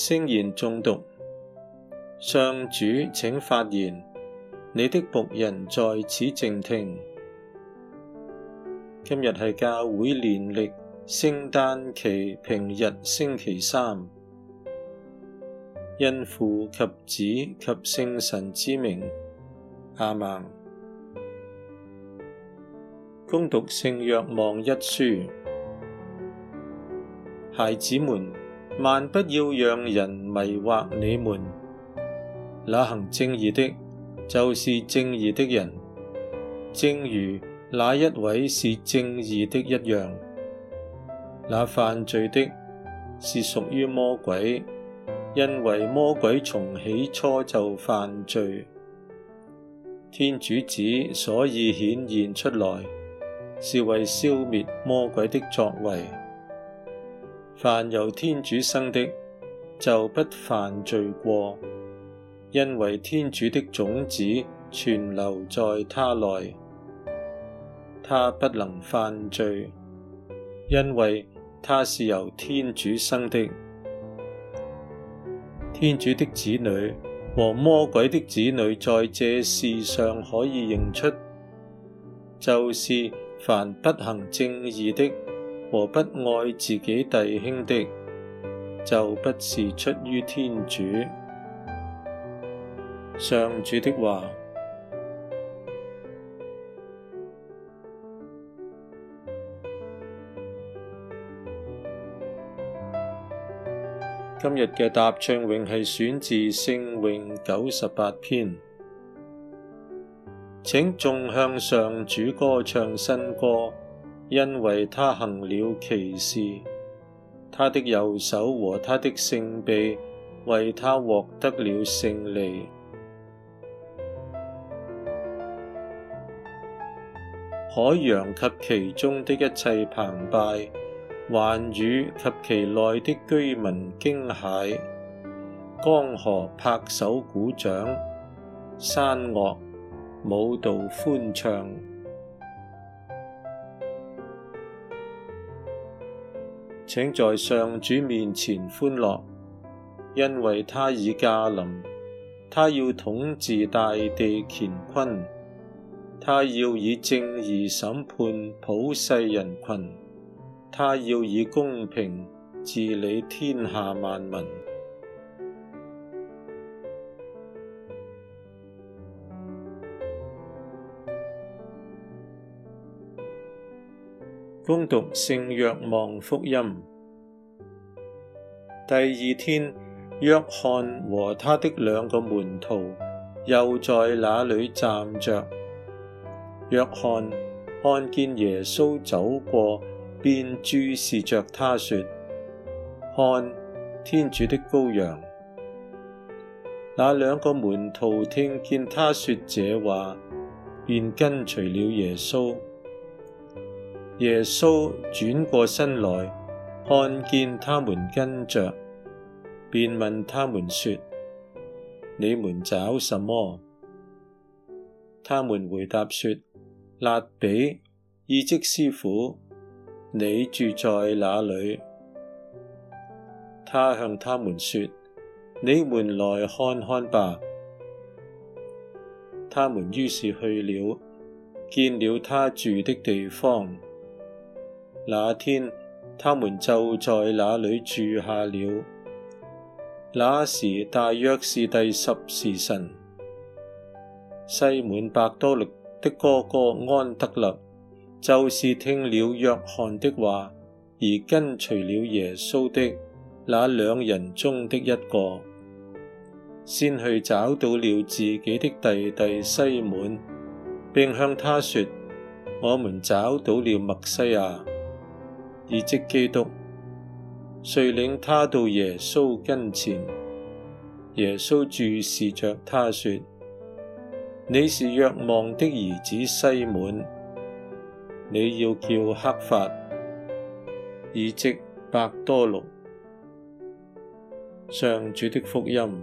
聲言誦讀，上主，請發言，你的僕人在此靜聽。今日係教會年曆聖誕期平日星期三，因父及子及聖神之名，阿孟。恭讀聖若望一書，孩子們。萬不要讓人迷惑你們。那行正義的，就是正義的人，正如那一位是正義的一樣。那犯罪的，是屬於魔鬼，因為魔鬼從起初就犯罪。天主子所以顯現出來，是為消滅魔鬼的作為。凡由天主生的，就不犯罪過，因為天主的種子存留在他內，他不能犯罪，因為他是由天主生的。天主的子女和魔鬼的子女在這事上可以認出，就是凡不行正義的。和不愛自己弟兄的，就不是出於天主。上主的話。今日嘅答唱詠係選自《聖詠》九十八篇。請眾向上主歌唱新歌，因為他行了奇事，他的右手和他的聖臂，為他獲得了勝利。海洋及其中的一切澎湃，寰宇及其內的居民驚駭，江河拍手鼓掌，山岳舞蹈歡唱。請在上主面前歡樂，因為他已駕臨，他要統治大地乾坤，他要以正義審判普世人群，他要以公平治理天下萬民。恭讀聖若望福音。第二天，若翰和他的兩個門徒又在那裏站着。若翰看見耶穌走過，便注視着他說：看，天主的羔羊。那兩個門徒聽見他說這話，便跟隨了耶穌。耶穌轉過身來，看見他們跟着，便問他們說：你們找什麼？他們回答說：辣彼，意即師傅，你住在那裏？他向他們說：你們來看看吧。他們於是去了，見了他住的地方。那天，他們就在那裏住下了。那時，大約是第十時辰。西滿伯多祿的哥哥安德肋，就是聽了若翰的話，而跟隨了耶穌的那兩人中的一個，先去找到了自己的弟弟西滿，並向他說：我們找到了默西亞。意即基督，遂領他到耶穌跟前。耶穌注視着他說：你是若望的兒子西滿，你要叫刻法，意即伯多祿，上主的福音。